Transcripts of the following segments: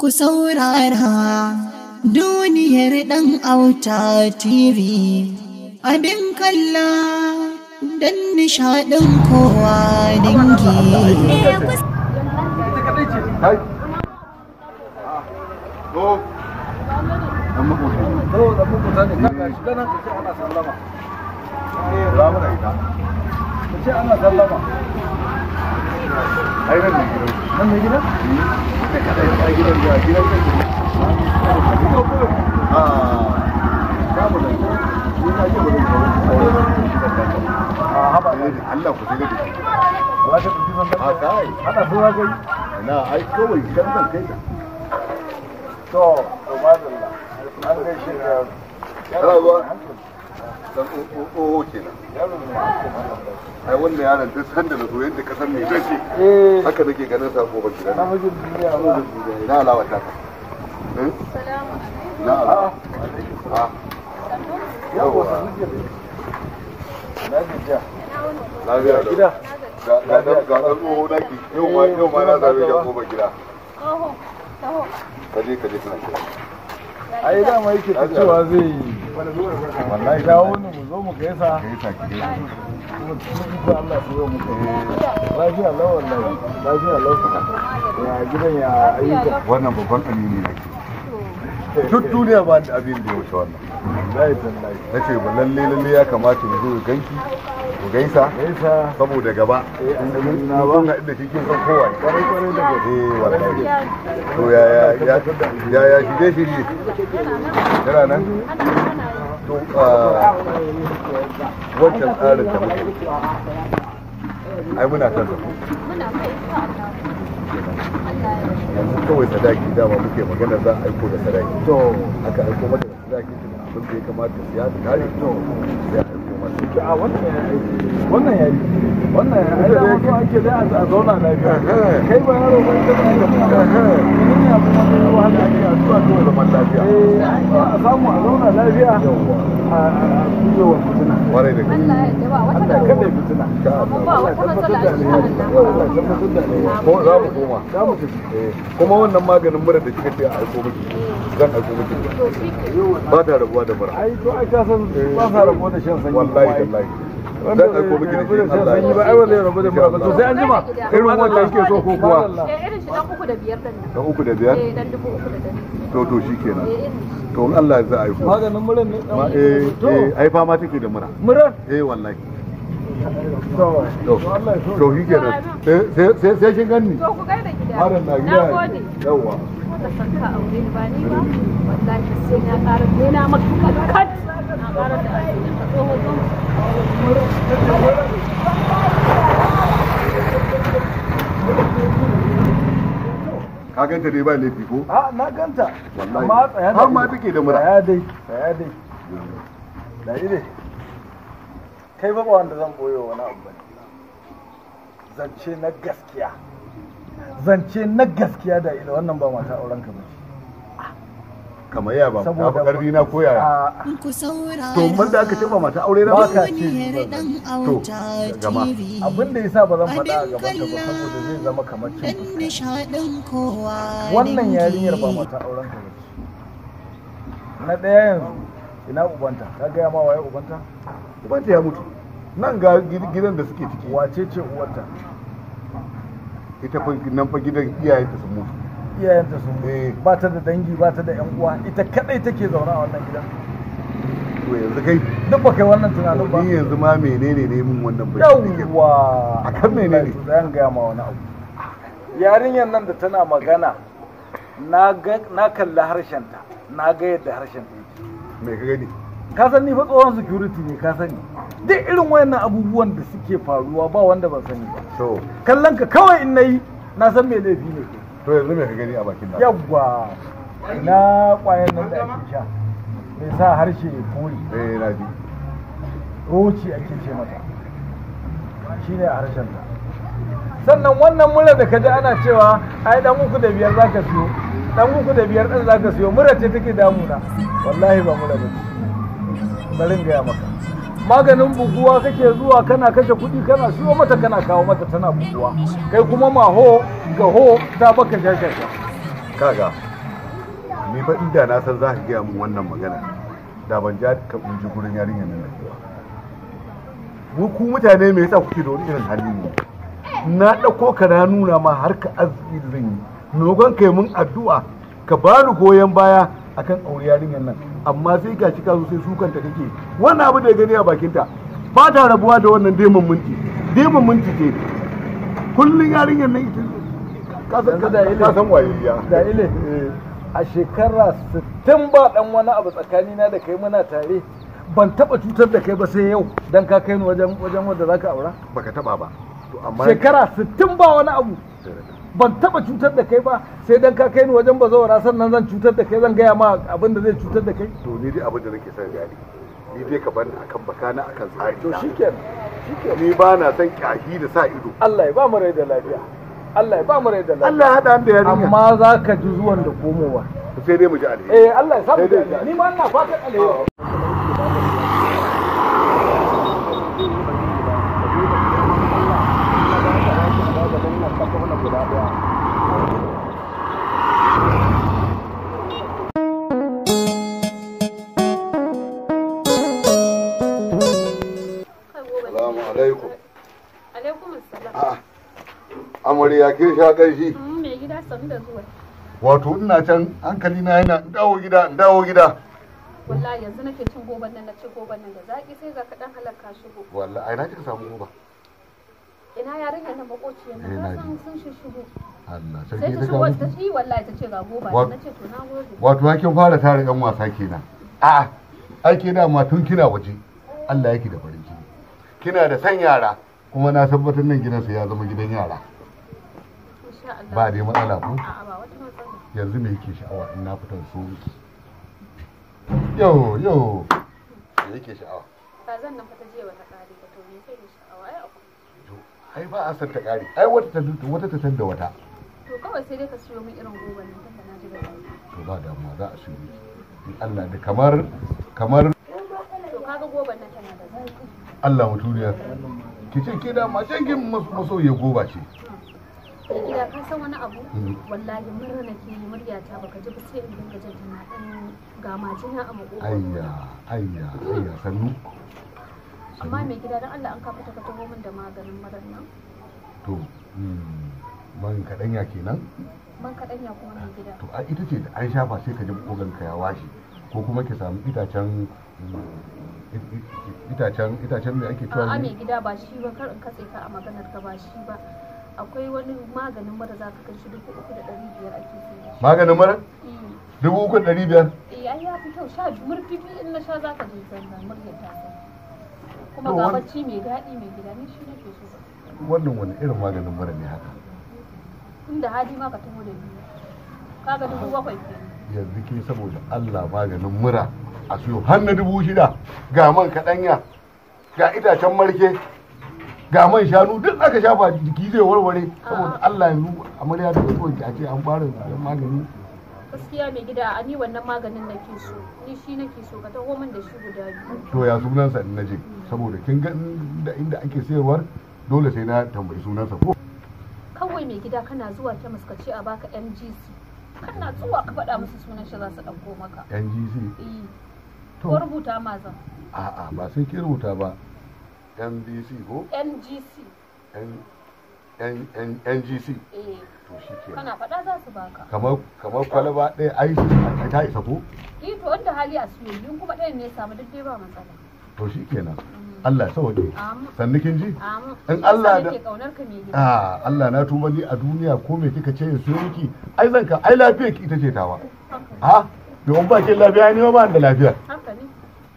ku saurara duniyar ɗan auta TV abin kalla don nishaɗin kowa dangi. ana ai nan ne nan a dan tsoho kenan ai wannan yaron duk sanda na zo yadda ka san me zai ce eh. haka nake ganin sa gobe gidan na alawa ta ka hmm? na alawa yawa lafiya gida ga ga dan tsoho daki yau ma yau ma na zabe ga gobe gida kaje kaje kana kira ai cewa zai wallahi dawo ne mu zo mu gaisa Allah zo mu wallahi ya gidan ya ayyuka wannan babban amini ne duk duniya ba abin da ya wuce wannan zai ba lalle lalle ya kamata mu zo ganki ku gaisa saboda gaba eh, na da cikin eh wallahi to ya ya ya ya nan to ah, tsarin da muke ai muna kan yanzu kawai sadaki dama muke magana za a aiko da sadaki to aka aiko mata da sadaki abin da ya kamata ya kare to aiki a wannan ya wannan ya aiki da wato ake dai a zauna lafiya kai ba yaro ba ita ba ita ba ne ya fi nan yau haka ake a zuwa zuwa zaman lafiya eh, a samu a zauna lafiya a zuwa wa fitina kwarai da gaske Allah kada fitina Allah ya tabbatar da alheri Allah ko za mu koma za mu tafi eh, kuma wannan maganin mura da kika ce a aiko miki dan a ba ta rabuwa da mura ai to ai ka san ba sa rabuwa da shan sanyi wallahi wallahi dan a gobe gidi in Allah ba ai wallahi rabu da mura ba to sai an jima irin wanda yake so ko kuwa eh, irin shi dan uku da biyar dan dan uku da biyar eh dan dubu uku da dan to to shikenan eh, to in Allah ya za a yi maganin muran ne dan eh eh ai fama take da mura muran eh wallahi to shi kenan sai sai to ku gaida gida ka san ka aure ba ni ba wallahi sai na ƙara ne na maka na ƙara da ka ganta ba laifi ko? a na ganta wallahi har ma take da mura dai dai da kai ba wanda zan wani abu ba zance na gaskiya zance na gaskiya da ila wannan ba mata auren ka ba kamar ya ba ka fi karfi na koya ah. to mun da aka ce ba mata aure na ba ka ce to gama Abinda ya yasa ba zan faɗa a gaban ta ba saboda zai zama kamar cin wannan yarinyar ba mata auren ka ba na ɗaya yanzu ina ubanta ka gaya ma waye ubanta ubanta ya mutu nan ga gidan da suke ciki wace ce uwarta ita fa nan fa gidan iyayenta sun mutu iyayenta sun mutu eh. ba ta da dangi ba ta da yan uwa ita kadai take zaune a wannan gidan to yanzu kai duk ba kai wannan tunanin ba ni yanzu ma menene ne min wannan bai yawa akan menene zan ga ma wani abu yarinyar nan da tana magana na ga na kalli ta na ga yadda ta yake me ka gani ka san ni fa tsohon security ne ka sani duk irin wayannan abubuwan da suke faruwa ba wanda ban sani ba to kallon ka kawai in nayi na san me laifi ne to yanzu me ka gani a bakin da yawwa na kwayan nan da ake sha me sa harshe kori eh na ji roci ake ce mata shine a harshen ta sannan wannan mura da kaji ana cewa ai dan uku da biyar zaka siyo dan uku da biyar din zaka siyo mura ce take damuna wallahi ba mura ce bari gaya maka maganin buguwa kake zuwa kana kashe kuɗi kana siyo mata kana kawo mata tana buguwa kai kuma ho ga ho ta baka shashasha kaga ni fa inda na san za ka gaya min wannan magana da ban ja ka kunji gurin yarinyar nan mu ku mutane me yasa kuke da wani irin halin ne na ɗauko ka na nuna ma har ka arziki zan yi nogon kai mun addu'a ka bani goyon baya akan aure yarinyar nan amma sai ga shi ka sai sukan ta kake wannan abu da ya gani a bakinta ba ta rabuwa da wannan demon minti demon minti ce kullum yarinyar nan ita ka san wayayya da ile eh. a shekara 60 ba dan wani abu tsakanina da kai muna tare ban taba cutar da kai ba sai yau dan ka kai ni wajen wajen wanda zaka aura baka taba ba to amma shekara 60 ba wani abu ban taba cutar da kai ba sai dan ka kai ni wajen bazawara sannan zan cutar da kai zan gaya ma abin da zai cutar da kai to ni dai abin da nake son gani ni dai ka bani akan bakana akan tsari to shikenan shikenan ni ba na san kyahi da sa ido Allah ya ba mu rai da lafiya Allah ya ba mu rai da lafiya Allah ya hada da yarinya amma za ka ji zuwan da komowa sai dai mu ji alheri eh Allah ya samu ni ma ina fatan alheri ya ke sha ƙarshi mai mm, gida sami da zuwa wato ina can hankali na yana dawo gida dawo gida wallahi yanzu nake cin goban nan na ci goban nan da zaki sai ga kadan shi go. wallahi ai na kika samu goba ina yarinyar nan makociyar nan sun san shi shishigo Allah sai ta shigo ta ci wallahi ta ce ga goba na ce to na gode wato kin fara tare yan wasa kenan A ai ke da ma tun kina waje Allah yake da farin ciki kina da san yara kuma na tabbatar nan gidansa ya zama gidan yara ba dai matsala ko yanzu me yake sha'awa in na fitar so Yau yo yo me yake sha'awa zan nan fata jiya bata kare ba to me kai sha'awa ai akwai ai ba a san ta kare ai wata ta wata ta tanda wata to kawai sai dai ka siyo min irin goban nan tunda na ji da to ba damuwa za a siyo in Allah da kamar kamar to kaga goban nan tana da zaki Allah mutuniya ki ce ke da ma shangin masoyi goba ce hmm. da ka san wani abu mm. wallahi murna nake murya baka ji ba sai in dinga jin tana dan ga majina a makoko ayya ayya ayya sannu amma mai gida dan Allah an kafa min da maganin nan to mm, man kadanya kenan man kuma mai gida to a ita ce da an shafa sai ka ji kogan ka ya washe ko kuma ki samu itacen mm, itacen itacen me ake cewa a mai gida ba shi ba kar in katse ka a maganar ka ba shi ba akwai wani maganin mara za ka kashi dubu uku da ɗari biyar ake sayar maganin mara eh. dubu uku da ɗari biyar eh ai ya fi kyau sha murfi biyu in na sha za ka je zanna murya ta kuma ga bacci mai daɗi mai gida ni shi nake so wannan wani irin maganin mara ne haka inda hali ma ka taho da biyu kaga dubu bakwai yanzu ke saboda Allah maganin mura a siyo har na dubu shida ga man kaɗanya ga itacen marke ga man shanu duk aka shafa jiki zai warware saboda Allah yanzu amarya da zuwa ki ce an fara magani gaskiya mai gida a ni wannan maganin na ke so ni shi na ke so ka taho min da shi guda biyu to ya sunan sa na je saboda kin ga inda inda ake sayarwar dole sai na tambayi sunan sa ko kawai mai gida kana zuwa ke ka ce a baka MGC kana zuwa ka faɗa musu sunan shi za su dauko maka MGC eh ko rubuta ma zan a'a ba sai ki rubuta ba ndc ko NGC. ngc to shi ke kana faɗa za su baka kamar kamar kwalaba ɗaya ai ta isa ko eh to wanda hali a su yin kuma ɗayan ne samu duk dai ba matsala to shi kenan Allah ya sauke sannu kin ji in Allah da Ah Allah na tuba ni a duniya ko me kika ce yanzu miki ai zan ka ai lafiya ki ita ce tawa ha domin ba ki lafiya ne ba da lafiya haka ne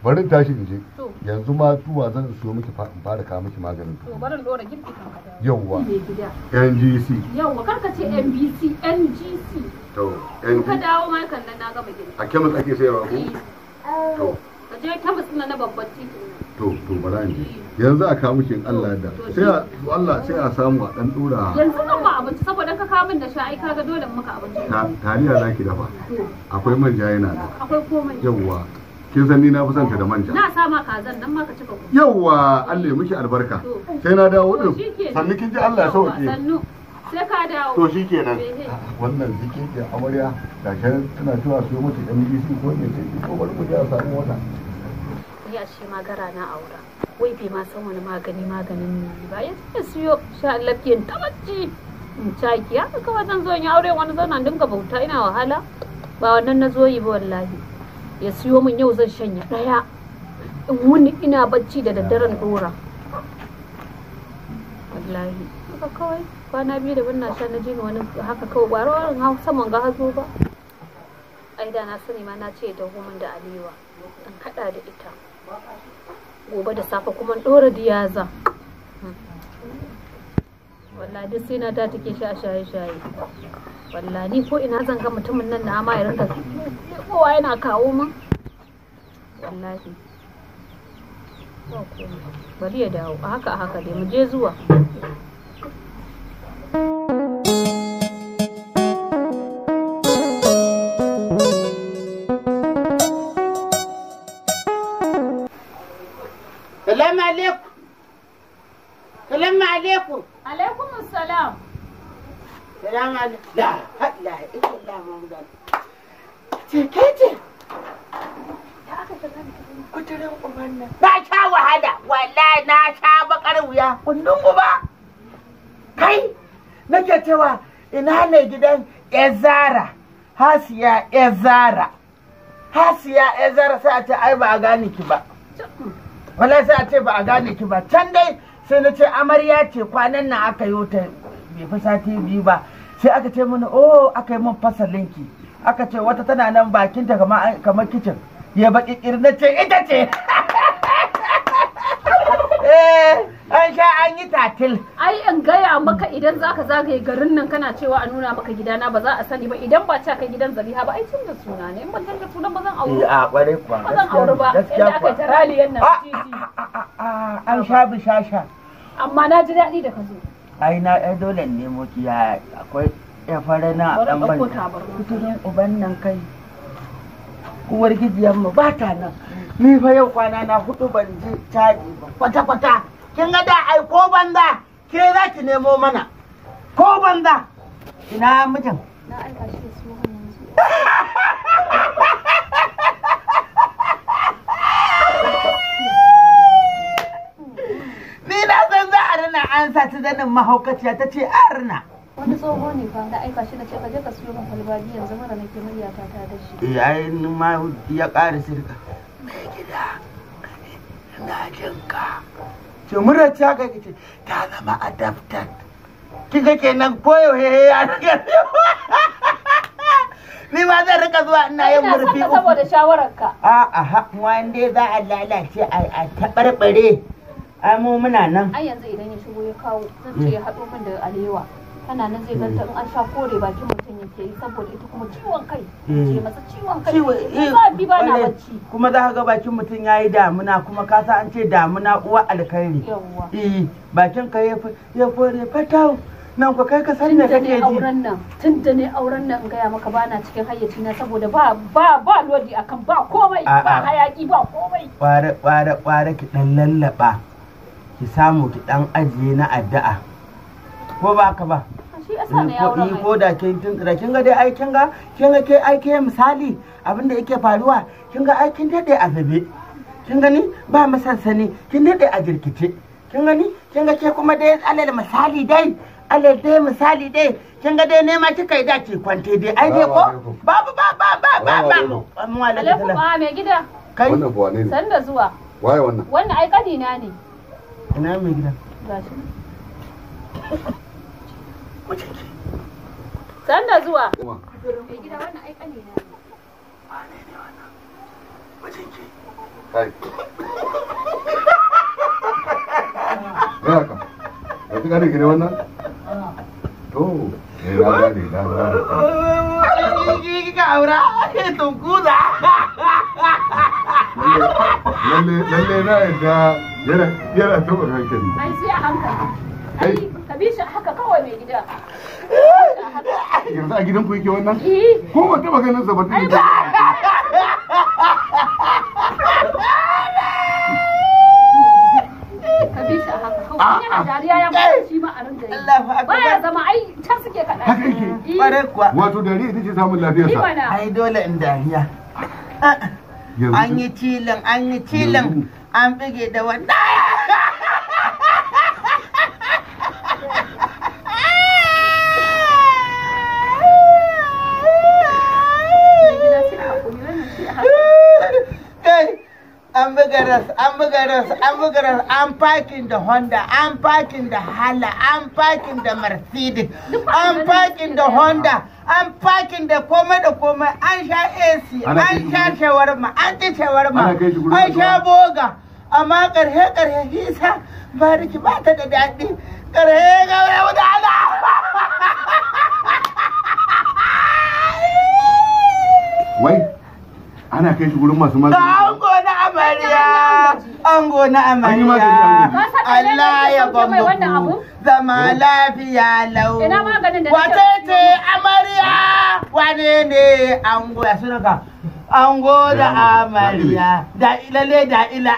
bari tashi in je yanzu ma tuwa zan siyo miki fara kawo miki maganin to barin dora girki kan kada yawwa NGC yawwa karka ce NBC NGC to NGC ka dawo ma kan nan na gama girki a kemis ake sayarwa ko eh. to ka je kemis na na babban titi to to bara in je eh. yanzu a kawo miki in Allah da sai a Allah sai a samu a dan dora yanzu nan ba abinci saboda ka kawo min da sha ai kaga dole muka abinci tariya zaki dafa akwai manja yana da akwai komai yawwa kin san ni na fi son ka da manja na sa ma kazan nan ma ka cika ku yawa Allah ya miki albarka sai na dawo din sannu kin ji Allah sauke sannu sai ka dawo to shikenan eh, eh. wannan jikin ke amarya da kan tana cewa su mata shi ko ne sai ko bar ku a samu wannan ya shi magara na aura wai bai ma san wani magani maganin ne ba ya ce siyo sha Allah ke tabacci in caki ya ka wajen zo in aure wani zauna dinga bauta ina wahala ba wannan na zo yi ba wallahi ya siyo min yau zan shanya ɗaya in wuni ina bacci da daddaren dora wallahi haka kawai kwana biyu da wannan sha na jini wani haka kawai ba rawarin hau saman ga hazo ba ai da na sani ma na ce da homin da aliwa in kaɗa da ita gobe da safe kuma ɗora diyaza hmm. wallahi duk sai na ta take sha shaye shaye wallani ko ina zan ga mutumin nan na ma ya rinka kowa yana kawo min wallahi bari ya dawo haka haka dai mu je zuwa malam la kai na sha wahala wallahi na sha bakar wuya kullun uba kai nake cewa ina ne gidan ezara hasiya ezara hasiya ezara sai a ce ai ba a gane ki ba wala sai a ce ba a gane ki ba can dai sai na ce amarya ce kwanan nan aka yi ta bai fi sati biyu ba sai aka ce mana oh aka yi min linki aka ce wata tana nan bakinta kamar kicin ya baki na ce ita ce eh, an sha an yi tatil ai in gaya maka idan zaka zagaye garin nan kana cewa a nuna maka gidana ba za a sani ba idan ba ka gidan zabiha ba ai tunda suna ne in ban canza suna ba zan aure eh, a kwarai kuwa ba zan aure ba inda aka taraliyan nan ah, ah, ah, an sha bishasha amma na ji daɗi da ka zo ai na ai dole ne mu kiya akwai ya fara na dan ban kuturin uban nan kai uwar mu ba ta nan ni fa yau kwana na hudu ban je caji ba kwata kwata kin ga da ai ko banda ke za ki nemo mana ko banda ina mijin na aika shi su arna an sa ta zanin mahaukaciya ta ce arna wani tsoho ne fa da aika shi da ce ka je ka siyo min kwalba yanzu mara nake murya ta ta da shi eh, ni ma ya ƙara sirka mai gida na jin ka ce mura ta ka ce ta zama adapted ga kenan koyaushe ya riga ni ma zan rika zuwa ina yin murfi uku saboda shawararka a'a wanda za a lalace a tabarbare ai mu muna nan ai yanzu idan ya shigo ya kawo zan ce ya haɗo min da alewa kana nan zai ganta in an sha kore bakin mutum yake yi saboda ita kuma ciwon kai hmm. ce masa ciwon kai ce eh, ba bi ba na bacci kuma za ka ga bakin mutum ya yi damuna kuma ka san an ce damuna uwa alkhairi yawwa eh bakin ka ya fore fatau nan ku kai ka san da kake ji auren nan tun da ne auren nan gaya maka ba na cikin hayyaci na saboda ba ba ba lodi akan ba komai ba hayaki ba komai kware kware kware ki dan lallaba ki samu ki dan ajiye na addu'a ko ba ka ba ni ko da kin tunkira kin ga dai aikin ga kin ga kai aike misali abin da yake faruwa kin ga aikin kin dade a zabe kin gani ba masansani kin dade a jirkice kin gani kin ga ke kuma dai alal misali dai alal dai misali dai kin ga dai nema kika yi dace kwante dai ai dai ko babu ba ba ba ba ba amma alaikum ba me gida kai wannan ba ne sanda zuwa waye wannan wannan ai kadina ne ina mai gida sanda zuwa mai gida wannan na ne wannan kai ya ka ya ne gida wannan to ne ka aura lalle na yadda yana taɓa hankali ai sai a hankali ka bi shi haka kawai mai gida yanzu a gidan yake wannan eh. ko ba taɓa ganin sa ba ta gida haka kawai yana dariya ya shi a zama suke haka wato dariya ita ce samun lafiyarsa ai dole in dariya ah. an yi cilin an yi cilin an bige da wanda an an buga ras an buga parking da honda an parking da hala an parking da mercedes an parking da honda an parking da komai da komai an sha ac an sha shawarma an ci shawarma an sha boga amma karhe karhe hisa bariki ba ta da daɗi karhe ga wani ala wai ana kai shi gurin masu mazuwa ango na amarya Allah ya bambaku zama eh? lafiya lau watete ce amarya wane ne ango ya suna ka ango da amarya da ilale da ila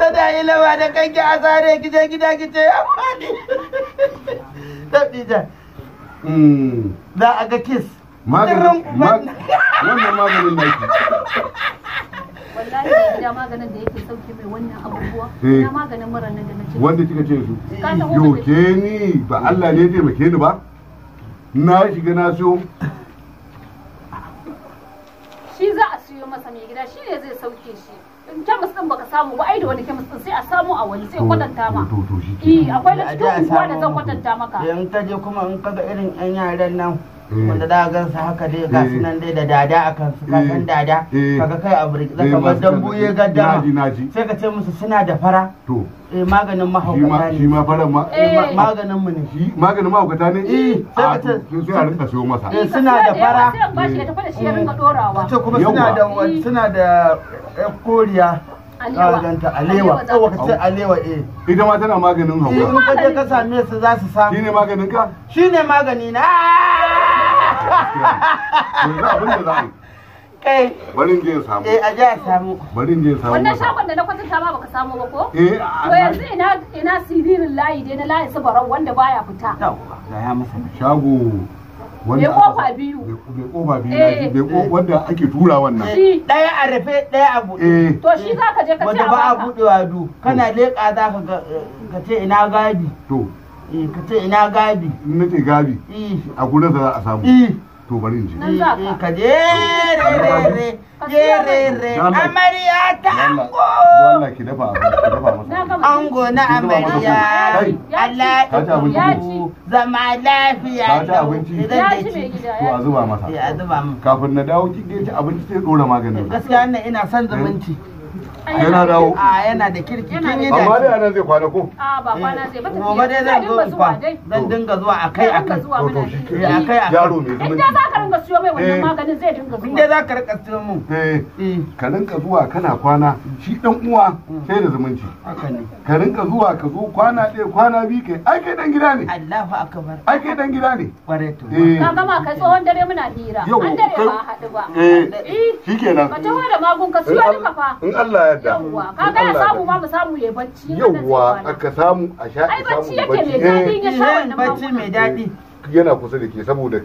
ta da ilawa da kanki a tsare gida gida gida amfani za a ga kiss maganin wannan maganin da yake wallahi sauke mai wannan abubuwa eh. na maganin mura nan da nace wanda kika ce su yo ni ba Allah ne ya taimake ni ba na shiga na siyo shi za a siyo masa mai gida shi ne zai sauke shi in kemis din baka samu ba ai da wani kemis din sai a samu a wani sai kwatanta ma to to shi eh, akwai da cikin unguwa da zan kwatanta maka in ka je kuma in kaga irin yan yaran nan Mm. wanda za a gansa haka dai ga su mm. nan dai da dada a kan su kakan mm. dada kaga kai a burki zaka bar eh, dambu buye gadda sai ka ce musu suna da fara to eh maganin mahaukata ne shi ma fara eh, ma eh. maganin mu ne shi maganin mahaukata ne eh sai ka ah, ce sai a rinka siyo masa eh suna da fara sai ba shi tafi da shi ya rinka dorawa kuma suna da suna da koriya ganta alewa ka ce alewa eh ita ma tana maganin hauka in ka je ka same su za su samu shine maganin ka shine maganin na ah! samu eh, a shagon da na kwatanta baka samu ba ko eh yanzu ina na da ya masa shago wanda bai kofa biyu bai kofa biyu eh. bai wanda ake tura wannan shi daya a rufe daya a buɗe eh. to shi ka je ka ce wanda ba a budewa du kana leka zaka ka ce ina gadi to Eh, ka ce ina gabi in nace gabi eh. a gurin za a samu eh. to bari in je ka je re re re amarya ta ango ango na amarya Allah zama lafiya ya ci a zuba masa ya zuba kafin na dawo ki abinci sai dora maganin gaskiya ina son zumunci yana dawo a ah, yana da kirki kin yi da amma dai anan zai kwana ko a ah, ba kwana eh. zai ba ta gobe dai zan zo zuwa zan dinga zuwa akai akai to to akai eh, akai yaro mai zumunci inda za ka rinka siyo mai wannan eh. maganin zai dinga zuwa inda ka rinka siyo eh ka rinka zuwa kana kwana shi dan uwa mm. sai da zumunci haka ne ka rinka zuwa ka zo kwana ɗaya kwana biyu kai ai kai dan gida ne Allahu akbar ai kai dan gida ne kware to ka gama kai tsohon dare muna hira an dare ba haɗu ba eh shikenan ka da magun ka siyo duka fa in Allah yarda yawwa kaga ya samu ma mu samu ya bacci yawwa aka samu a sha ai bacci yake mai daɗi eh, mai daɗi eh, yana kusa da ke saboda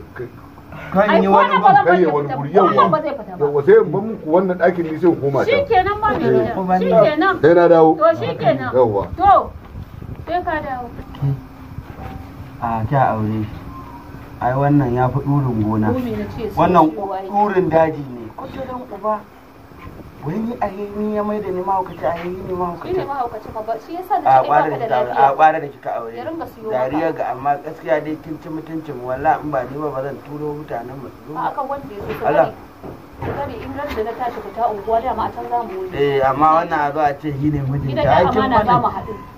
kan yi wani kai ya wani guri yau yau sai ban muku wannan ɗakin ne sai koma can shikenan ma mai eh, shikenan sai na dawo to shikenan yauwa to sai ka dawo a kya aure ai wannan ya fi ɗurin gona wannan ɗurin daji ne kudurin uba wai ni a ya mai da ni mahaukaci a ne mahaukaci shi ne mahaukaci ba shi yasa da shi ba da lafiya a kwara da kika aure dariya ga amma gaskiya dai kin ci mutuncin Wala in ba ni ba ba zan turo mutanen mu zo wanda ya zo Allah kare in ran da na tashi fita unguwa a can za wuce eh amma wannan a zo a ce shi ne mijinta aikin mana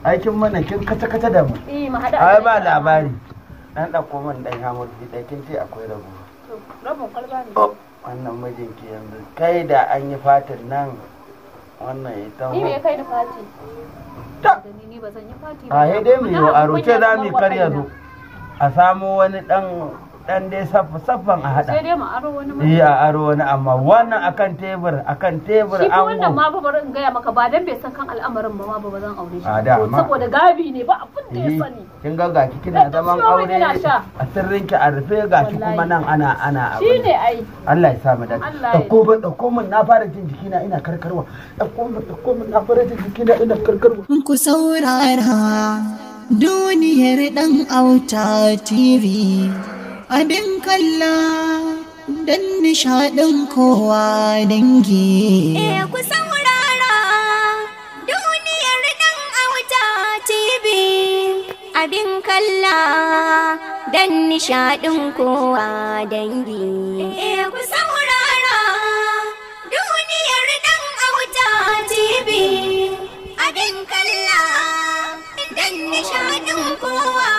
aikin mana kin kata kata da mu eh mu haɗu ai ba labari dan ɗan min dan hamur ɗakin ce akwai rabu rabin kwalba ne oh. wannan mijinki yanzu kai da an yi fatin nan wannan ita ni me kai da fati ta ni ba zan yi fati ba a dai mu yi a roke za mu karya zo a samo wani dan dan dai saffa saffan a hada sai dai ma aro wani ma. a aro wani amma wannan akan tebur akan tebur an wannan ma ba bari in gaya maka ba dan bai san kan al'amarin ba ma ba zan aure shi saboda gabi ne ba abin da ya sani kin ga gaki kina zaman aure a sirrin ki a rufe gaki kuma nan ana ana abu ne ai Allah ya sa mu dace dauko ba dauko mun na fara jin jikina ina karkarwa dauko mun dauko mun na fara jin jikina ina karkarwa ku saurara duniyar dan auta tv abin kalla don nishaɗin kowa dangi. Eh ku saurara duniyar ɗan auta TV abin kalla don nishaɗin kowa dangi. Eh ku saurara duniyar ɗan auta TV abin kalla don nishaɗin kowa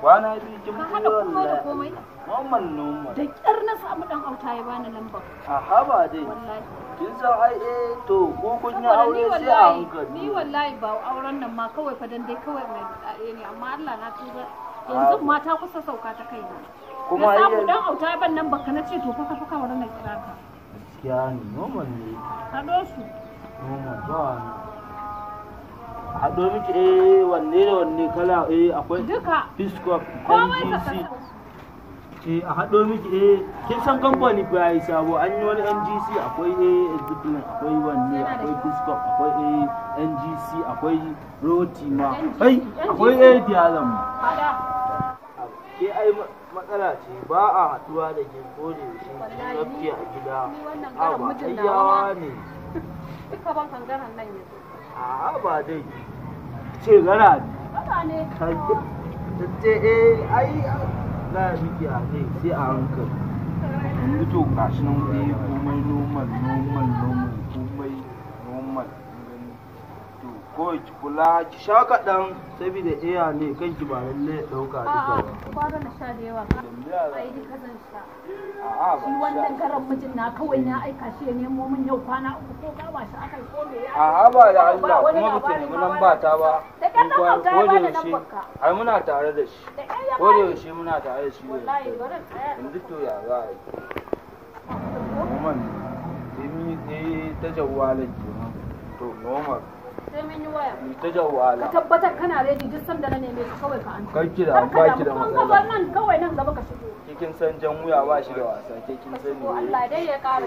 kwana biyu kin ka hada komai da komai mamman da kyar na samu ɗan auta ya bani lambar a haba dai kin san ai eh to ko kun yi aure sai a hankali ni wallahi ba auren nan ma kawai fa dan dai kawai mai ne amma Allah na tuba yanzu ma ta kusa sauka ta kai kuma na samu ɗan auta ya ban nan baka na ce to fa ka fuka wannan kira ka gaskiya ne noman ne hado su noman ba haɗo miki eh wanne da wanne kala eh akwai duka ngc eh a haɗo miki eh kin san kamfani yi sabo an yi wani ngc akwai eh executive akwai wanne akwai biscuit akwai eh ngc akwai roti ma ai akwai eh diyalan ma ke ai matsala ce ba a haɗuwa da ke kore shi a gida a ba ayyawa ne a ba dai ce gara ne ta ce eh ai ga miki a zai sai a hankali mutu gashi nan dai komai normal normal normal Kawai ki kula ki sha kaɗan saboda iya ne kan ki ba lalle ɗauka duka ba. na sha da yawa ai sha. Shi wannan karan mijin na kawai na aika shi ya nemo min yau kwana uku ko shi ko me ya. A'a ba da Allah kuma ba ki nemi ta ba. Da ƙyar nan ba da ka. Ai muna tare da shi. Ko da yaushe muna tare da shi. Wallahi bari tsaya. Yanzu to ya za a yi. Muhammad, sai ta jawwalin kenan. To normal. sai mun yi waya ta jawala ka tabbatar kana ready duk sanda na neme ka kawai ka antu kai da ba ki da matsala nan kawai nan gaba ka shigo kin san jan wuya ba shi da wasa ke kin sani Allah dai ya ƙara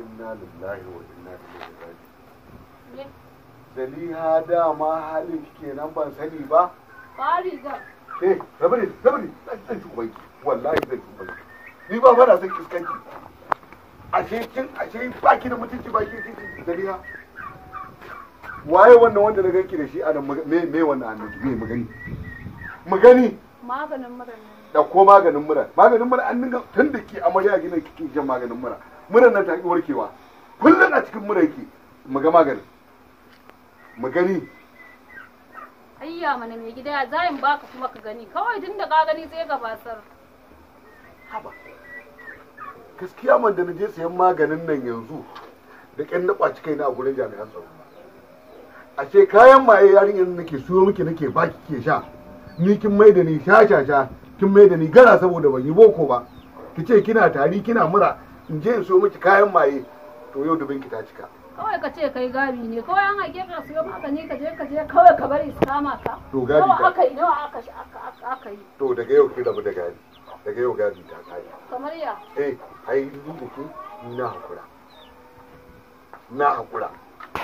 inna lillahi wa inna ilaihi raji'un zaliha dama halin kenan ban sani ba fari ga eh rabari rabari zan tuba ki wallahi zan tuba ki ni ba fara san kiskanki ashe kin ashe baki da mutunci baki kin zaliha waye wannan wanda na ganki da shi a me me wannan annabi me magani magani maganin mura da ko maganin mura maganin mura an dinga tun da ke amarya gina kike jan maganin mura muran nan ta ki warkewa kullum a cikin mura yake mu ga magani mu gani ayya mana mai gida za in baka kuma ka gani kawai tun da ka gani sai ka basar haba gaskiya man da je sayan maganin nan yanzu da ƙyan na ƙwaci na a gurin jami'an tsaro ce kayan maye yarinyar nake suyo miki nake baki ke sha ni kin mai da ni sha sha sha kin mai da ni gara saboda ban yi boko ba ki ce kina tari kina mura in je in so miki kayan maye to yau dubin ki ta cika kawai ka ce kai gabi ne kawai an haƙe ka siyo magani ka je ka je kawai ka bari su kama ka to gabi nawa aka yi nawa aka aka yi to daga yau ki rabu da gabi daga yau gabi ta kai kamar ya eh ai ni da ke na hakura na hakura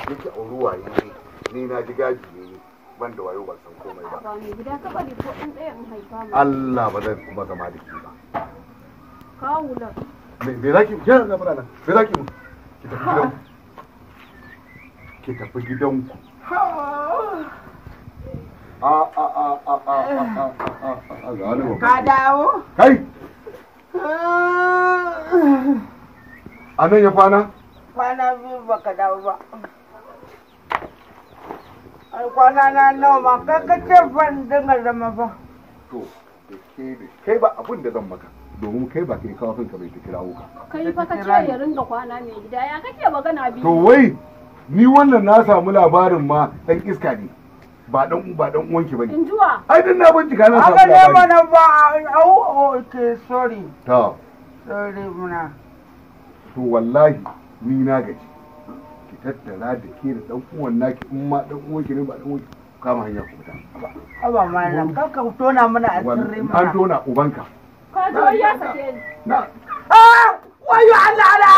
nake auruwa ne ni na ji gabi ne ban da wayo ban san komai ba ba ne gida ka bari ko in ɗaya in haifa Allah ba zai kuma zama da ba kawula. me za ki yana zamana nan za zaki mu ki tafi gidanku ki tafi gidanku a a a a a a a a ka dawo kai a nan ya kwana kwana biyu ba ka dawo ba kwana na nawa ma kakace ban dinga zama ba to da ke da kai ba abin da zan maka domin kai ba kai kawo kanka bai ta kirawo ka kai fa ka ce ya ringa kwana mai gida ya kake magana biyu to wai ni wannan na samu labarin ma dan iska ne ba dan ba dan uwanki bane in juwa ai din na bincika na samu labari aka ne mana ba au okay sorry to sorry muna to wallahi ni na gaji ki tattara da ke da dan uwan naki in ma dan uwanki ne ba dan uwanki kama hanyar kuta. fita aba malam kaka tona mana a tsirrima. an tona ubanka Ah, wayo Allah ala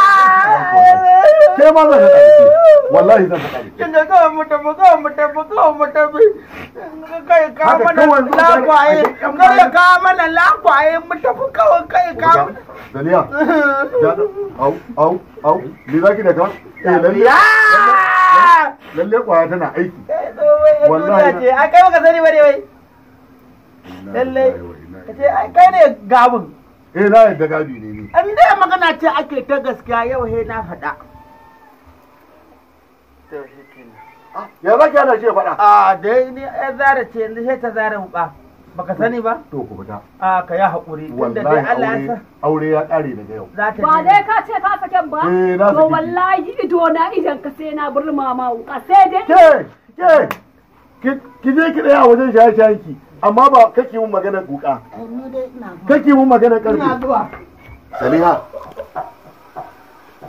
ke ma wallahi zan faɗa ki kin mu da ga mu da mu ga mu da kai ka mana lakwaye kai ka mana lakwaye mu tafi kawai kai ka daniya au au au me ki da ka eh lalle lalle kwaya tana aiki eh, wallahi a kai baka sani bane wai lalle ka ce kai ne gabin eh na yadda gabi ne ni an dai magana ce ake ta gaskiya yau he na faɗa ah, ya ba kyana ce faɗa a dai ni ya zara ce yanzu sai ta zara ba baka sani ba to ku fita a ka ya haƙuri tunda dai Allah ya sa aure ya ƙare daga yau ba dai ka ce ka saken ba eh, na to wallahi ido na idan ka sai na burma ma wuka sai dai ke ke ki je ki tsaya wajen shaye-shayen ki amma ba kake mun magana guka kake mun magana karfi saliha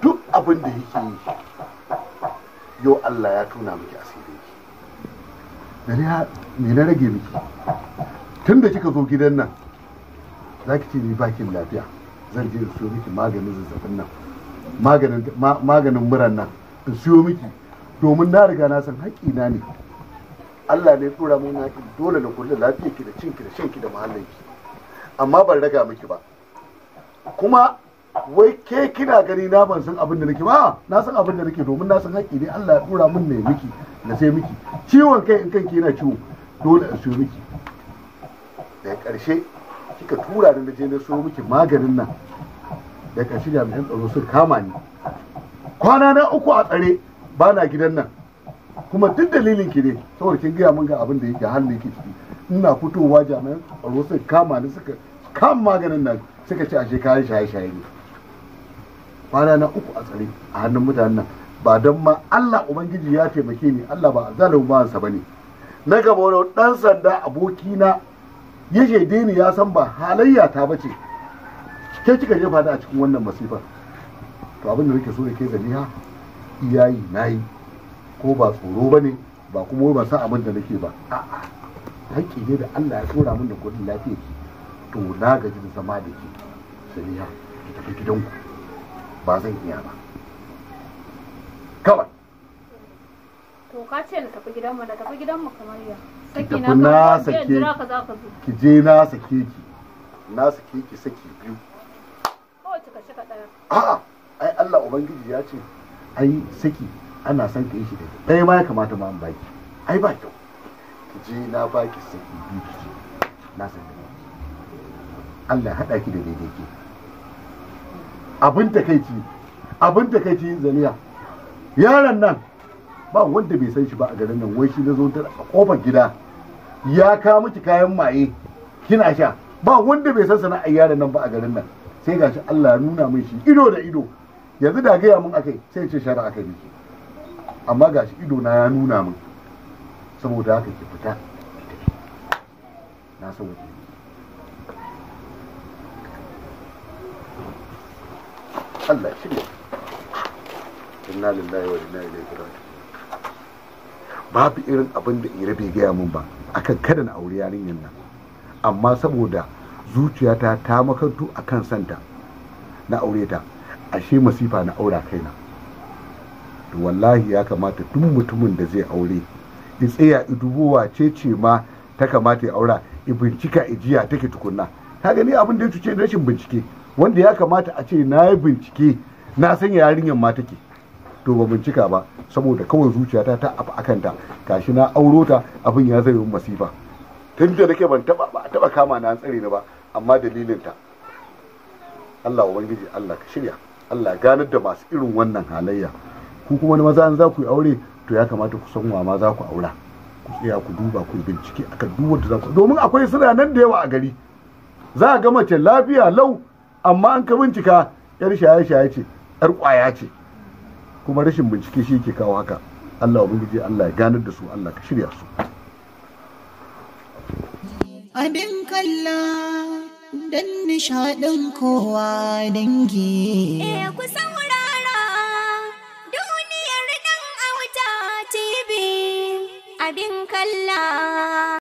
duk abin da yake yi yau Allah ya tuna miki asiri saliha me na rage miki tun da kika zo gidan nan za ki ce ni bakin lafiya zan je in siyo miki maganin zazzabin nan maganin muran nan in siyo miki domin na riga na san haƙƙina ne Allah ne tura mu na ki dole na kula lafiyar ki da cin ki da shan ki da mahallin ki amma ban raga miki ba kuma wai ke kina gani na ban san abin da nake ba na san abin da nake domin na san haƙƙi ne Allah ya tura mun ne miki na sai miki ciwon kai in kanki yana ciwo dole in siyo miki da ƙarshe kika tura ni na je na siyo miki maganin nan daga ƙarshe jami'an tsaro sun kama ni kwana na uku a tsare bana gidan nan kuma duk dalilin ki ne saboda kin gaya mun ga abin da yake hannun yake ciki ina fitowa jami'an tsaro suka kama ni suka kama maganin nan suka ci a kayan shaye shaye ne kwana na uku a tsare a hannun mutanen nan ba don ma Allah ubangiji ya taimake ni Allah ba zalimin ba ne. na gaba wani dan sanda abokina ya shaide ni ya san ba halayya ta bace ke kika jefa da a cikin wannan masifar to abin da nake so da ke zaliha iyayi nayi ko ba tsoro ba ne ba kuma ba san abin da nake ba a'a haƙƙi ne da Allah ya tsora min da kudin lafiya ki to na ga jin zama da ke saniya ki tafi gidanku ba zan iya ba kawai to ka ce na tafi gidanmu da tafi gidanmu kamar ya saki na sake ki je na sake ki na sake ki saki biyu kawai ka cika ɗaya a'a ai Allah ubangiji ya ce ai saki ana son ka yi shi daga ɗaya ma ya kamata ma an baki ai ba kyau ki je na baki saki biyu ki je na san da Allah hada ki da daidai ke abin takaici abin takaici zaniya yaron nan ba wanda bai san shi ba a garin nan wai shi na zo a kofar gida ya ka miki kayan maye kina sha ba wanda bai san sana'ar yaron nan ba a garin nan sai gashi Allah ya nuna mun shi ido da ido yanzu da gaya mun akai sai ce shara akai miki amma gashi ido na ya nuna min saboda haka ki fita na saboda Allah shi ne. inna lillahi wa inna ilaihi raji'un babu irin abin da ira bai gaya min ba akan kada na aure yarinyar nan amma saboda zuciyata ta makantu akan santa na aure ta ashe masifa na aura kaina to wallahi ya kamata duk mutumin da zai aure in tsaya idubowa ce ce ma ta kamata ya aura in bincika ijiya take tukunna Ta gani abin da ya cuce rashin bincike wanda ya kamata a ce na yi bincike na san yarinyar ma take to ba bincika ba saboda kawai zuciyata ta abu akan ta kashi na auro ta abin ya zai masifa tun da nake ban taba ba taba kama na tsare ni ba amma dalilin ta Allah ubangiji Allah ka shirya Allah ganar da masu irin wannan halayya ku kuma na maza an za ku yi aure to ya kamata ku san wa ma za ku aura ku tsaya ku duba ku bincike aka duk wanda za ku domin akwai suna nan da yawa a gari za a ga mace lafiya lau amma an ka bincika yar shaye shaye ce yar kwaya ce kuma rashin bincike shi ke kawo haka Allah ubangiji Allah ya ganar da su Allah ka shirya su abin kalla dan nishadin kowa dangi eh ku saura abin kalla